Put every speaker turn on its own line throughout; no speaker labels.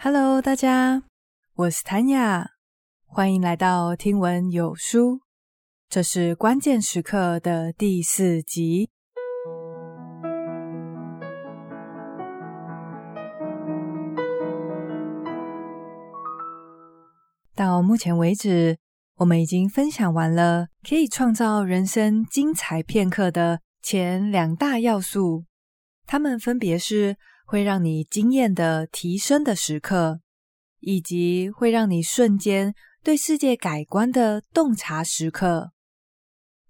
Hello，大家，我是 Tanya，歡迎來到聽聞有書。這是關鍵時刻的第四集。到目前為止，我們已經分享完了可以創造人生精彩片刻的前兩大要素，它們分別是。會讓你經驗的提升的時刻，以及會讓你瞬間對世界改觀的洞察時刻。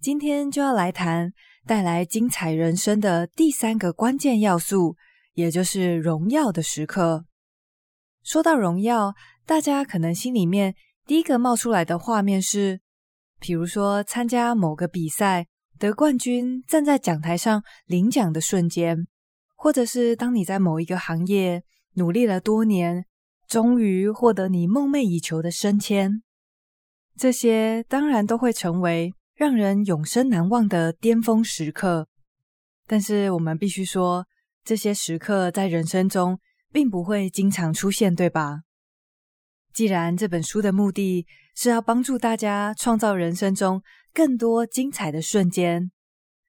今天就要來談帶來精彩人生的第三個關鍵要素，也就是榮耀的時刻。說到榮耀，大家可能心裡面第一個冒出來的畫面是，比如說參加某個比賽得冠軍，站在講台上領獎的瞬間。或者是當你在某一個行業努力了多年，終於獲得你夢寐以求的升遷，這些當然都會成為讓人永生難忘的巔峰時刻。但是我們必須說，這些時刻在人生中並不會經常出現，對吧？既然這本書的目的是要幫助大家創造人生中更多精彩的瞬間，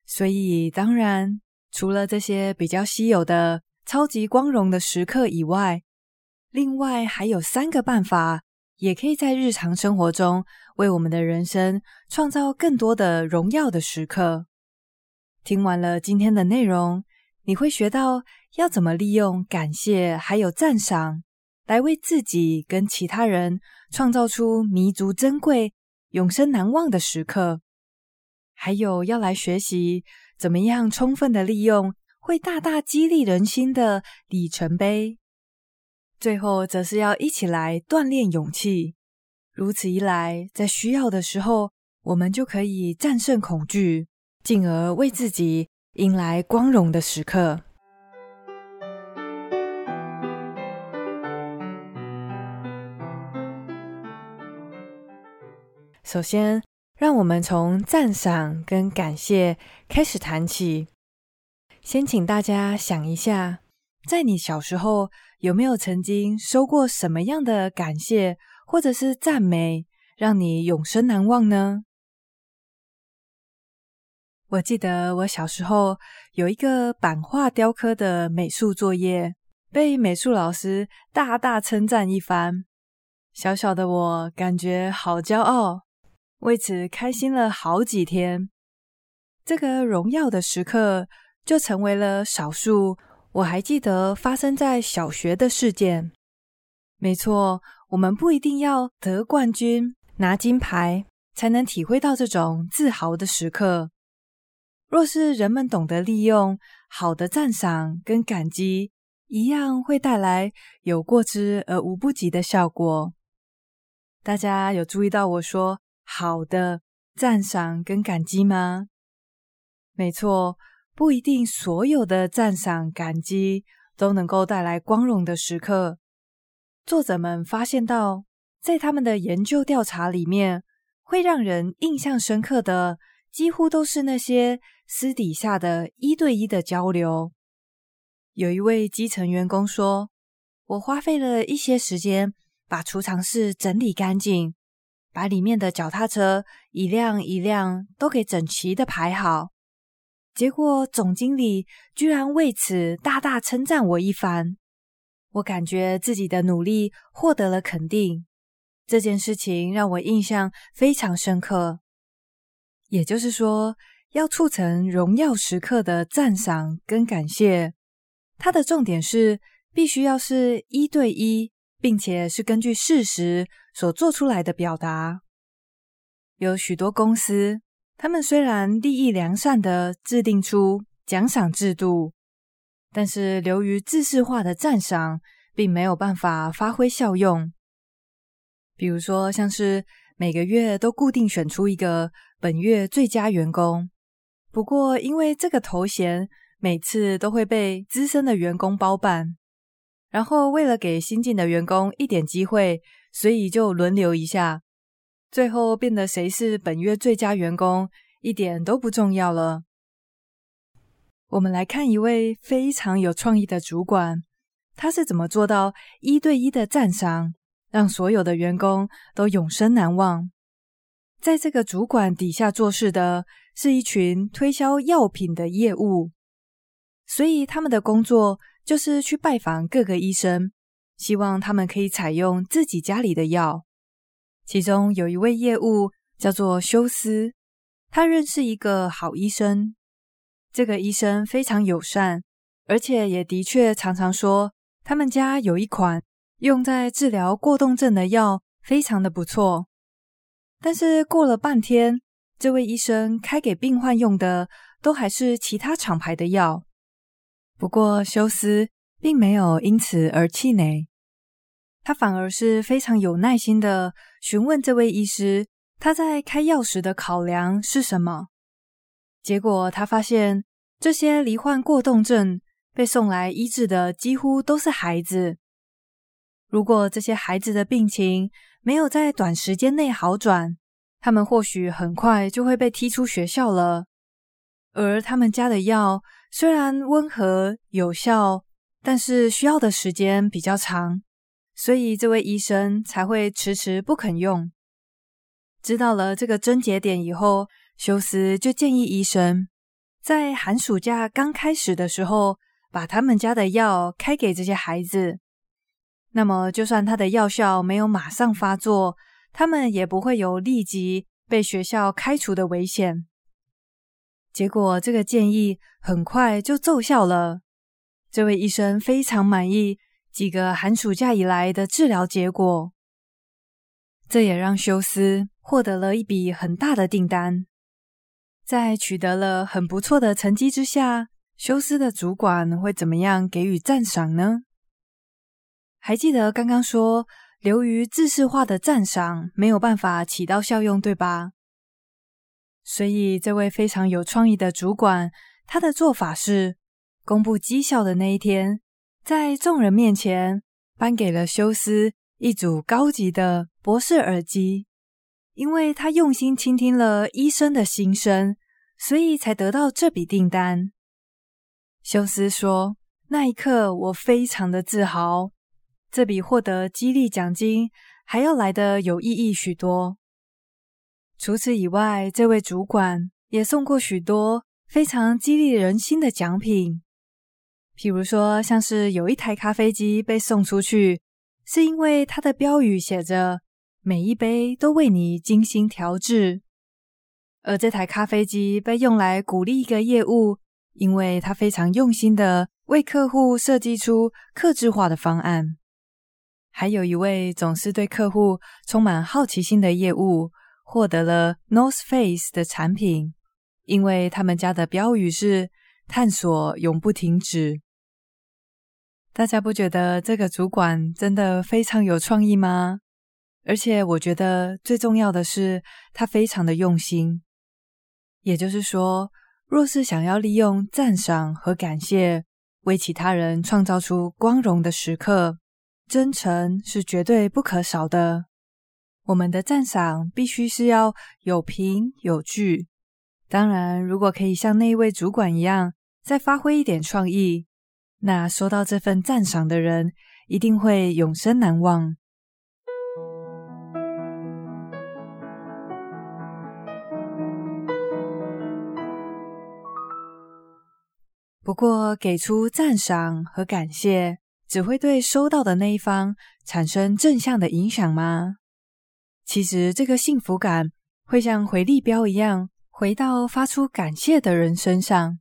所以當然。除了這些比較稀有的、超級光榮的時刻以外，另外還有三個辦法，也可以在日常生活中為我們的人生創造更多的榮耀的時刻。聽完了今天的內容，你會學到要怎麼利用感謝還有讚賞，來為自己跟其他人創造出彌足珍貴、永生難忘的時刻。還有要來學習。怎麼樣充分的利用，會大大激勵人心的里程碑。最後，則是要一起來鍛鍊勇氣。如此一來，在需要的時候，我們就可以戰勝恐懼，進而為自己迎來光榮的時刻。首先，讓我們從讚賞跟感謝開始談起。先請大家想一下，在你小時候有沒有曾經收過什麼樣的感謝或者是讚美，讓你永生難忘呢？我記得我小時候有一個版畫雕刻的美術作業，被美術老師大大稱讚一番。小小的我感覺好驕傲。為此開心了好幾天，這個榮耀的時刻就成為了少數我還記得發生在小學的事件。沒錯，我們不一定要得冠軍、拿金牌才能體會到這種自豪的時刻。若是人們懂得利用好的讚賞跟感激，一樣會帶來有過之而無不及的效果。大家有注意到我說，好的，讚賞跟感激嗎？沒錯，不一定所有的讚賞、感激都能夠帶來光榮的時刻。作者們發現到，在他們的研究調查裡面，會讓人印象深刻的，幾乎都是那些私底下的一對一的交流。有一位基層員工說：“我花費了一些時間把儲藏室整理乾淨。”把裡面的腳踏車一輛一輛都給整齊的排好，結果總經理居然為此大大稱讚我一番，我感覺自己的努力獲得了肯定。這件事情讓我印象非常深刻。也就是說，要促成榮耀時刻的讚賞跟感謝，它的重點是必須要是一對一，並且是根據事實。所做出來的表達，有許多公司，他們雖然立意良善的制定出獎賞制度，但是由於制式化的讚賞，並沒有辦法發揮效用。比如說，像是每個月都固定選出一個本月最佳員工，不過因為這個頭銜每次都會被資深的員工包辦，然後為了給新進的員工一點機會。所以就輪流一下，最後變得誰是本月最佳員工，一點都不重要了。我們來看一位非常有創意的主管，他是怎麼做到一對一的讚賞，讓所有的員工都永生難忘。在這個主管底下做事的是一群推銷藥品的業務，所以他們的工作就是去拜訪各個醫生。希望他們可以採用自己家裡的藥。其中有一位業務叫做休斯，他認識一個好醫生。這個醫生非常友善，而且也的確常常說他們家有一款用在治療過動症的藥，非常的不錯。但是過了半天，這位醫生開給病患用的都還是其他廠牌的藥。不過休斯。並沒有因此而氣餒，他反而是非常有耐心地詢問這位醫師，他在開藥時的考量是什麼？結果他發現，這些罹患過動症被送來醫治的幾乎都是孩子。如果這些孩子的病情沒有在短時間內好轉，他們或許很快就會被踢出學校了。而他們家的藥雖然溫和有效，但是需要的時間比較長，所以這位醫生才會遲遲不肯用。知道了這個症結點以後，休斯就建議醫生在寒暑假剛開始的時候，把他們家的藥開給這些孩子。那麼，就算他的藥效沒有馬上發作，他們也不會有立即被學校開除的危險。結果，這個建議很快就奏效了。這位醫生非常滿意幾個寒暑假以來的治療結果，這也讓休斯獲得了一筆很大的訂單。在取得了很不錯的成績之下，休斯的主管會怎麼樣給予讚賞呢？還記得剛剛說，流於制式化的讚賞沒有辦法起到效用，對吧？所以，這位非常有創意的主管，他的做法是。公布績效的那一天，在眾人面前，頒給了休斯一組高級的博士耳機，因為他用心傾聽了醫生的心聲，所以才得到這筆訂單。休斯說：“那一刻，我非常的自豪，這比獲得激勵獎金還要來得有意義許多。除此以外，這位主管也送過許多非常激勵人心的獎品。”譬如說，像是有一台咖啡機被送出去，是因為它的標語寫着“每一杯都為你精心調製”，而這台咖啡機被用來鼓勵一個業務，因為他非常用心的為客戶設計出客製化的方案。還有一位總是對客戶充滿好奇心的業務，獲得了 North Face 的產品，因為他們家的標語是“探索永不停止”。大家不覺得這個主管真的非常有創意嗎？而且我覺得最重要的是，他非常的用心。也就是說，若是想要利用讚賞和感謝為其他人創造出光榮的時刻，真誠是絕對不可少的。我們的讚賞必須是要有憑有據。當然，如果可以像那位主管一樣，再發揮一點創意。那收到這份讚賞的人，一定會永生難忘。不過，給出讚賞和感謝，只會對收到的那一方產生正向的影響嗎？其實，這個幸福感會像回力鏢一樣，回到發出感謝的人身上。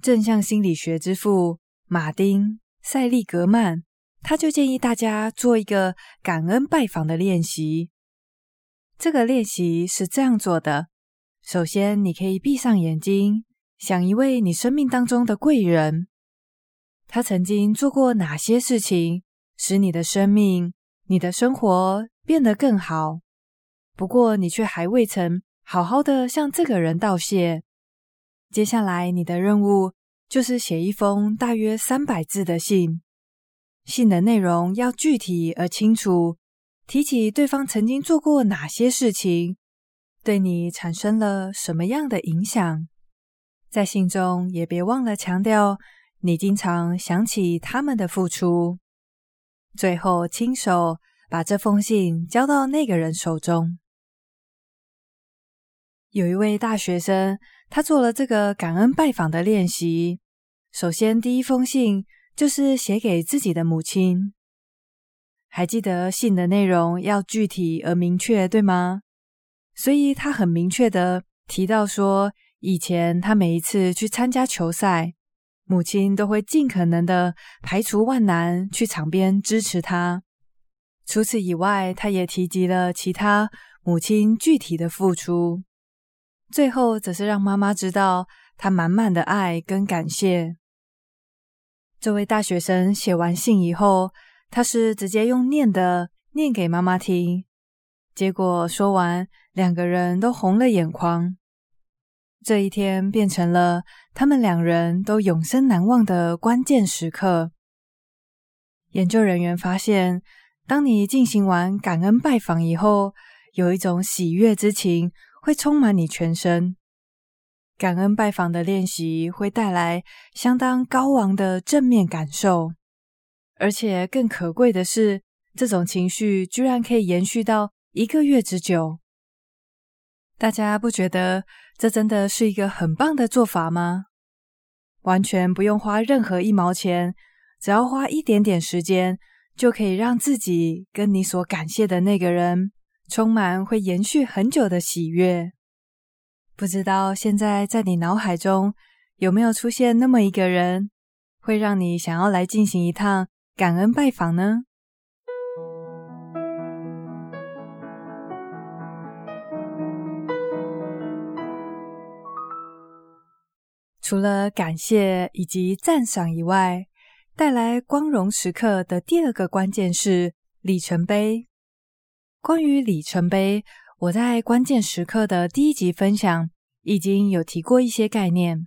正向心理學之父，馬丁·塞利格曼，他就建議大家做一個感恩拜訪的練習。這個練習是這樣做的：首先，你可以閉上眼睛，想一位你生命當中的貴人，他曾經做過哪些事情，使你的生命、你的生活變得更好。不過，你卻還未曾好好的向這個人道謝。接下來，你的任務，就是寫一封大約三百字的信，信的內容要具體而清楚，提起對方曾經做過哪些事情，對你產生了什麼樣的影響，在信中也別忘了強調你經常想起他們的付出。最後，親手把這封信交到那個人手中。有一位大學生，他做了這個感恩拜訪的練習。首先，第一封信就是寫給自己的母親。還記得信的內容要具體而明確，對嗎？所以他很明確的提到說，以前他每一次去參加球賽，母親都會盡可能的排除萬難去場邊支持他。除此以外，他也提及了其他母親具體的付出。最後則是讓媽媽知道他滿滿的愛跟感謝。這位大學生寫完信以後，他是直接用念的，念給媽媽聽。結果說完，兩個人都紅了眼眶。這一天變成了他們兩人都永生難忘的關鍵時刻。研究人員發現，當你進行完感恩拜訪以後，有一種喜悅之情會充滿你全身。感恩拜訪的練習會帶來相當高昂的正面感受，而且更可貴的是，這種情緒居然可以延續到一個月之久。大家不覺得這真的是一個很棒的做法嗎？完全不用花任何一毛錢，只要花一點點時間，就可以讓自己跟你所感謝的那個人充滿會延續很久的喜悅。不知道現在在你腦海中有沒有出現那麼一個人，會讓你想要來進行一趟感恩拜訪呢？除了感謝以及讚賞以外，帶來光榮時刻的第二個關鍵是里程碑。關於里程碑，我在關鍵時刻的第一集分享，已經有提過一些概念，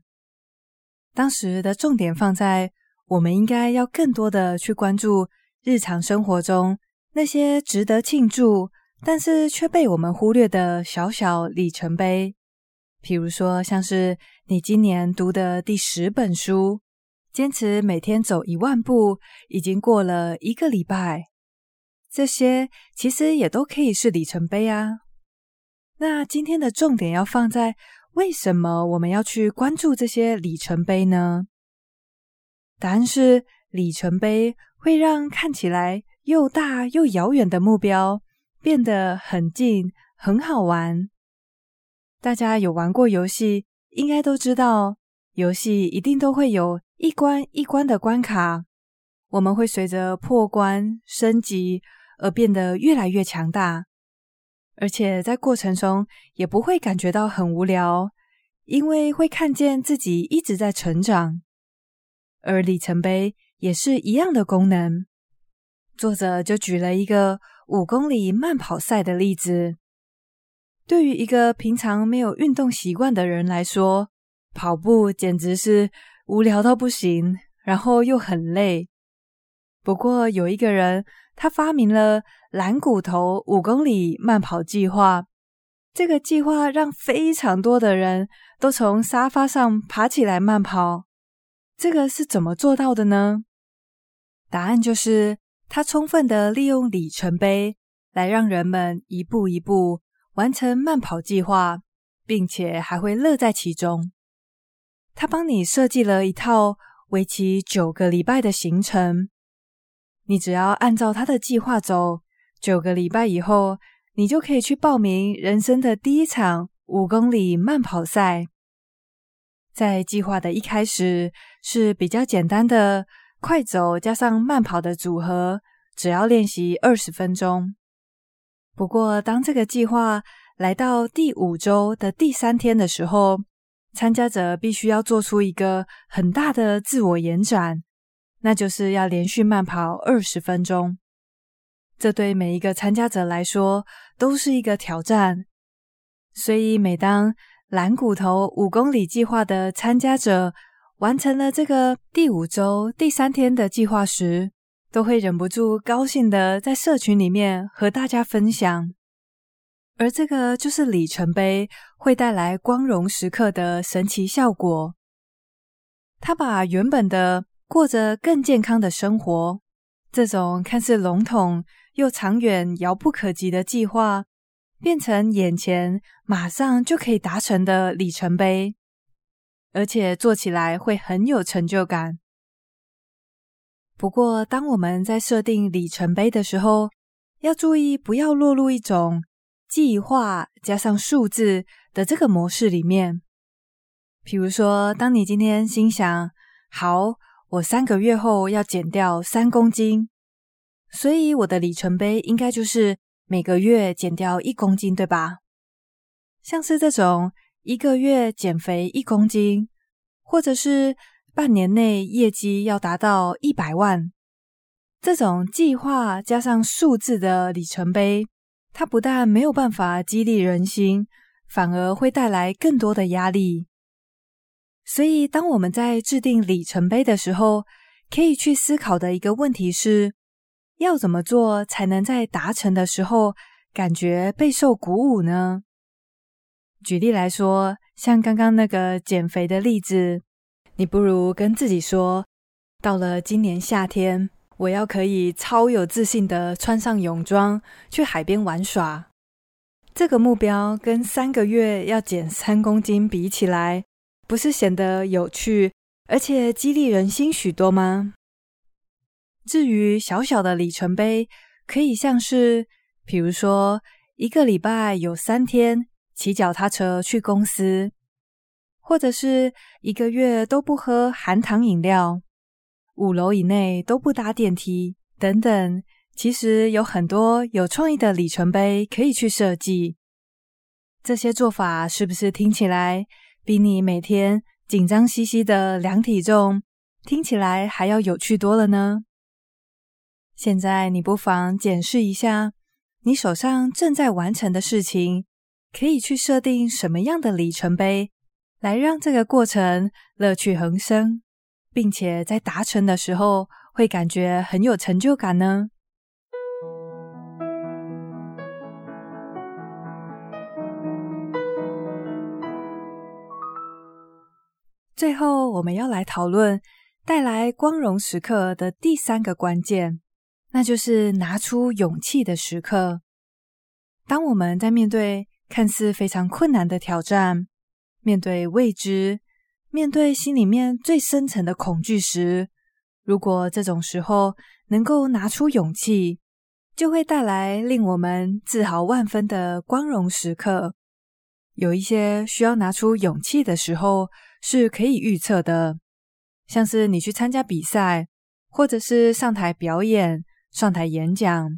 當時的重點放在我們應該要更多的去關注日常生活中那些值得慶祝，但是卻被我們忽略的小小里程碑，譬如說像是你今年讀的第十本書，堅持每天走一萬步，已經過了一個禮拜，這些其實也都可以是里程碑啊。那今天的重點要放在。為什麼我們要去關注這些里程碑呢？答案是，里程碑會讓看起來又大又遙遠的目標變得很近、很好玩。大家有玩過遊戲，應該都知道，遊戲一定都會有一關一關的關卡，我們會隨着破關升級而變得越來越強大。而且在過程中也不會感覺到很無聊，因為會看見自己一直在成長，而里程碑也是一樣的功能。作者就舉了一個五公里慢跑賽的例子，對於一個平常沒有運動習慣的人來說，跑步簡直是無聊到不行，然後又很累。不過有一個人。他發明了藍骨頭五公里慢跑計劃，這個計劃讓非常多的人都從沙發上爬起來慢跑。這個是怎麼做到的呢？答案就是他充分的利用里程碑來讓人們一步一步完成慢跑計劃，並且還會樂在其中。他幫你設計了一套為期九個禮拜的行程。你只要按照他的計劃走，九個禮拜以後，你就可以去報名人生的第一場五公里慢跑賽。在計劃的一開始是比較簡單的快走加上慢跑的組合，只要練習二十分鐘。不過，當這個計劃來到第五週的第三天的時候，參加者必須要做出一個很大的自我延展。那就是要連續慢跑二十分鐘，這對每一個參加者來說都是一個挑戰。所以，每當藍骨頭五公里計劃的參加者完成了這個第五周第三天的計劃時，都會忍不住高興地在社群裡面和大家分享。而這個就是里程碑會帶來光榮時刻的神奇效果。他把原本的過着更健康的生活，這種看似籠統又長遠、遙不可及的計劃，變成眼前馬上就可以達成的里程碑，而且做起來會很有成就感。不過，當我們在設定里程碑的時候，要注意不要落入一種計劃加上數字的這個模式裡面。譬如說，當你今天心想好。我三個月後要減掉三公斤，所以我的里程碑應該就是每個月減掉一公斤，對吧？像是這種一個月減肥一公斤，或者是半年內業績要達到一百萬。這種計劃加上數字的里程碑，它不但沒有辦法激勵人心，反而會帶來更多的壓力。所以，當我們在制定里程碑的時候，可以去思考的一個問題是：要怎麼做才能在達成的時候感覺備受鼓舞呢？舉例來說，像剛剛那個減肥的例子，你不如跟自己說：到了今年夏天，我要可以超有自信的穿上泳裝去海邊玩耍。這個目標跟三個月要減三公斤比起來，不是顯得有趣，而且激勵人心許多嗎？至於小小的里程碑，可以像是，比如說，一個禮拜有三天騎腳踏車去公司，或者是一個月都不喝含糖飲料，五樓以內都不搭電梯等等。其實有很多有創意的里程碑可以去設計。這些做法是不是聽起來？比你每天緊張兮兮的量體重，聽起來還要有趣多了呢？現在你不妨檢視一下，你手上正在完成的事情，可以去設定什麼樣的里程碑，來讓這個過程樂趣橫生，並且在達成的時候會感覺很有成就感呢？最後，我們要來討論帶來光榮時刻的第三個關鍵，那就是拿出勇氣的時刻。當我們在面對看似非常困難的挑戰、面對未知、面對心裡面最深層的恐懼時，如果這種時候能夠拿出勇氣，就會帶來令我們自豪萬分的光榮時刻。有一些需要拿出勇氣的時候是可以預測的，像是你去參加比賽，或者是上台表演、上台演講，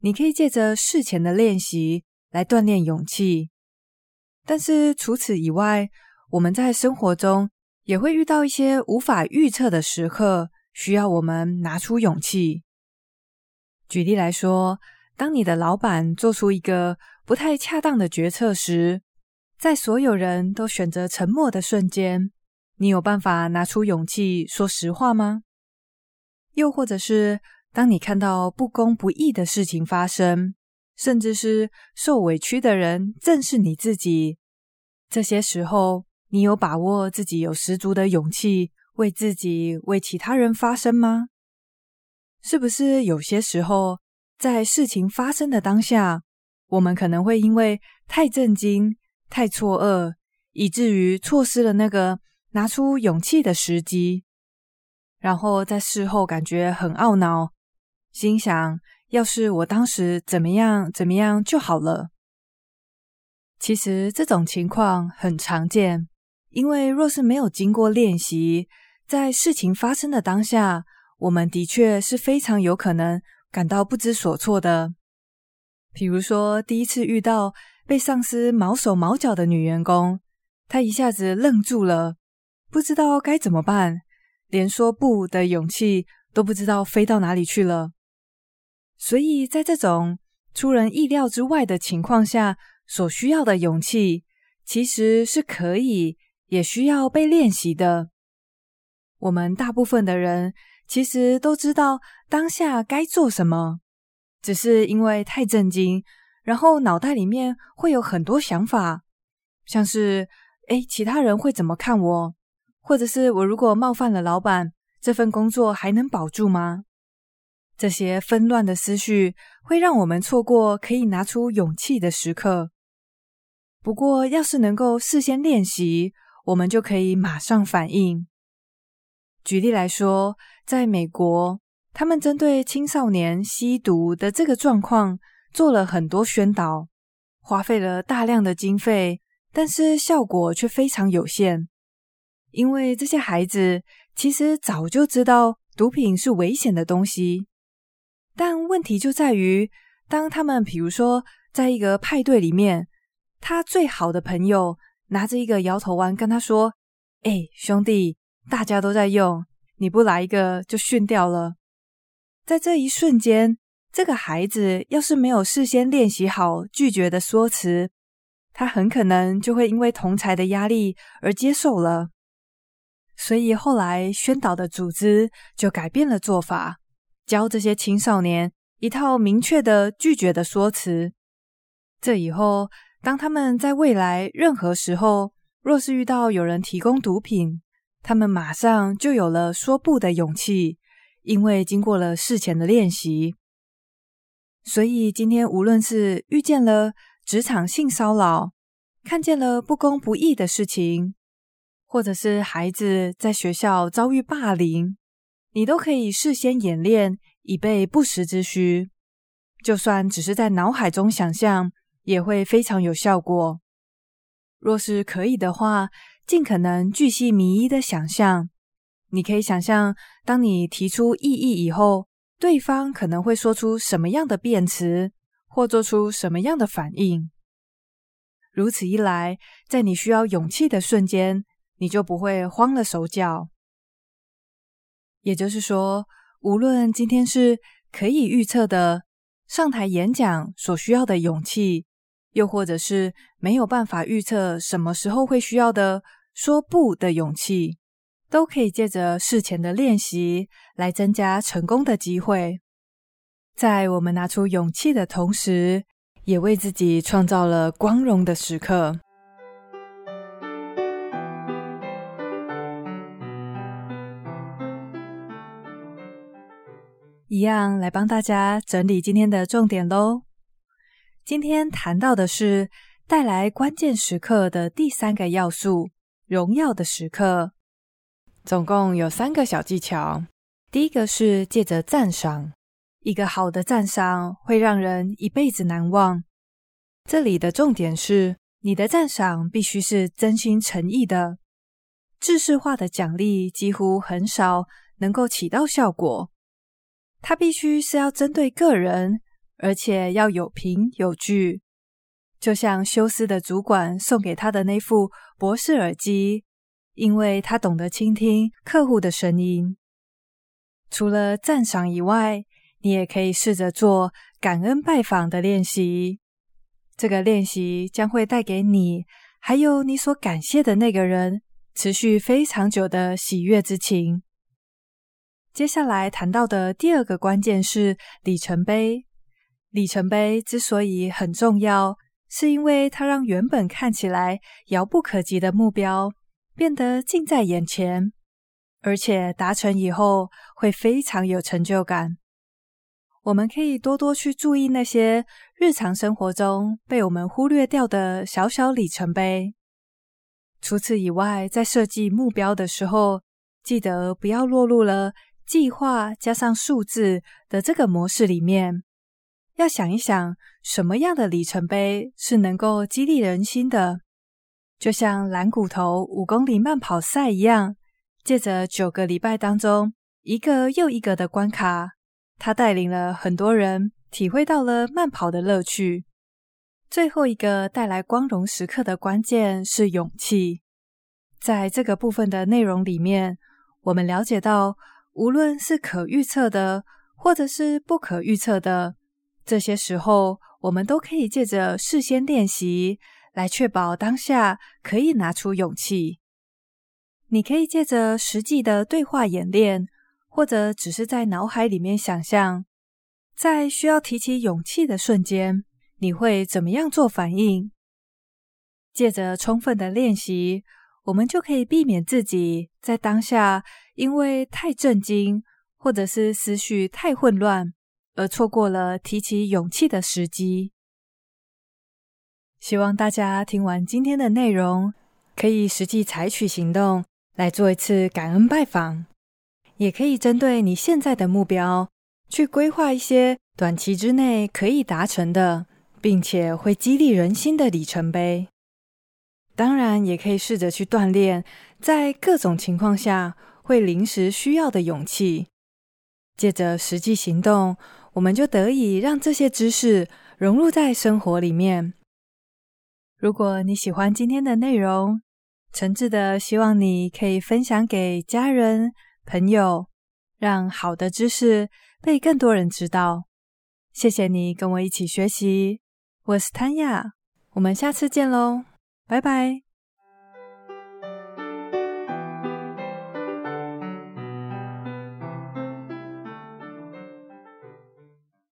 你可以借着事前的練習來鍛鍊勇氣。但是除此以外，我們在生活中也會遇到一些無法預測的時刻，需要我們拿出勇氣。舉例來說，當你的老闆做出一個不太恰當的決策時，在所有人都選擇沉默的瞬間，你有辦法拿出勇氣說實話嗎？又或者是當你看到不公不義的事情發生，甚至是受委屈的人正是你自己，這些時候，你有把握自己有十足的勇氣為自己為其他人發聲嗎？是不是有些時候，在事情發生的當下，我們可能會因為太震驚，太錯愕，以至於錯失了那個拿出勇氣的時機，然後在事後感覺很懊惱，心想：要是我當時怎麼樣怎麼樣就好了。其實這種情況很常見，因為若是沒有經過練習，在事情發生的當下，我們的確是非常有可能感到不知所措的。比如說，第一次遇到。被上司毛手毛腳的女員工，她一下子愣住了，不知道該怎麼辦，連說不的勇氣都不知道飛到哪裡去了。所以，在這種出人意料之外的情況下，所需要的勇氣其實是可以，也需要被練習的。我們大部分的人其實都知道當下該做什麼，只是因為太震驚。然後腦袋裡面會有很多想法，像是“誒，其他人會怎麼看我？”或者是我如果冒犯了老板，這份工作還能保住嗎？這些紛亂的思緒會讓我們錯過可以拿出勇氣的時刻。不過，要是能夠事先練習，我們就可以馬上反應。舉例來說，在美國，他們針對青少年吸毒的這個狀況。做了很多宣導，花費了大量的經費，但是效果卻非常有限。因為這些孩子其實早就知道毒品是危險的東西，但問題就在於，當他們比如說在一個派對裡面，他最好的朋友拿着一個搖頭丸跟他說：“哎、欸，兄弟，大家都在用，你不來一個就遜掉了。”在這一瞬間。這個孩子要是沒有事先練習好拒絕的說辭，他很可能就會因為同儕的壓力而接受了。所以後來宣導的組織就改變了做法，教這些青少年一套明確的拒絕的說辭。這以後，當他們在未來任何時候若是遇到有人提供毒品，他們馬上就有了說不的勇氣，因為經過了事前的練習。所以今天，無論是遇見了職場性騷擾，看見了不公不義的事情，或者是孩子在學校遭遇霸凌，你都可以事先演練，以備不時之需。就算只是在腦海中想象，也會非常有效果。若是可以的話，盡可能巨細靡遺的想象。你可以想象，當你提出異議以後，對方可能會說出什麼樣的辯詞，或做出什麼樣的反應。如此一來，在你需要勇氣的瞬間，你就不會慌了手腳。也就是說，無論今天是可以預測的上台演講所需要的勇氣，又或者是沒有辦法預測什麼時候會需要的說不的勇氣。都可以借着事前的練習來增加成功的機會。在我們拿出勇氣的同時，也為自己創造了光榮的時刻。一樣來幫大家整理今天的重點嘍。今天談到的是帶來關鍵時刻的第三個要素，榮耀的時刻。總共有三個小技巧。第一個是借着讚賞，一個好的讚賞會讓人一輩子難忘。這裡的重點是，你的讚賞必須是真心誠意的。制式化的獎勵幾乎很少能夠起到效果，它必須是要針對個人，而且要有憑有據。就像休斯的主管送給他的那副博士耳機。因為他懂得傾聽客戶的聲音，除了讚賞以外，你也可以試着做感恩拜訪的練習。這個練習將會帶給你，還有你所感謝的那個人，持續非常久的喜悅之情。接下來談到的第二個關鍵是里程碑。里程碑之所以很重要，是因為它讓原本看起來遙不可及的目標，變得近在眼前，而且達成以後會非常有成就感。我們可以多多去注意那些日常生活中被我們忽略掉的小小里程碑。除此以外，在設計目標的時候，記得不要落入了“計劃加上數字”的這個模式裡面。要想一想，什麼樣的里程碑是能夠激勵人心的。就像懶骨頭五公里慢跑賽一樣，借着九個禮拜當中一個又一個的關卡，它帶領了很多人體會到了慢跑的樂趣。最後一個帶來光榮時刻的關鍵是勇氣。在這個部分的內容裡面，我們了解到，無論是可預測的或者是不可預測的，這些時候我們都可以借着事先練習。來確保當下可以拿出勇氣。你可以借着實際的對話演練，或者只是在腦海裡面想象，在需要提起勇氣的瞬間，你會怎麼樣做反應？借着充分的練習，我們就可以避免自己在當下因為太震驚，或者是思緒太混亂，而錯過了提起勇氣的時機。希望大家聽完今天的內容，可以實際採取行動來做一次感恩拜訪，也可以針對你現在的目標去規劃一些短期之內可以達成的，並且會激勵人心的里程碑。當然，也可以試着去鍛鍊在各種情況下會臨時需要的勇氣。借着實際行動，我們就得以讓這些知識融入在生活裡面。如果你喜歡今天的內容，誠摯的希望你可以分享給家人、朋友，讓好的知識被更多人知道。謝謝你跟我一起學習，我是 Tanya，我們下次見嘍，拜拜。